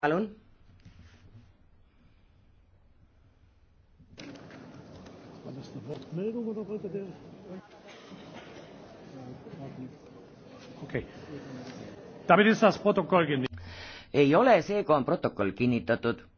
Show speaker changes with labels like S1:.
S1: palun.
S2: ei ole, seega on
S3: protokoll kinnitatud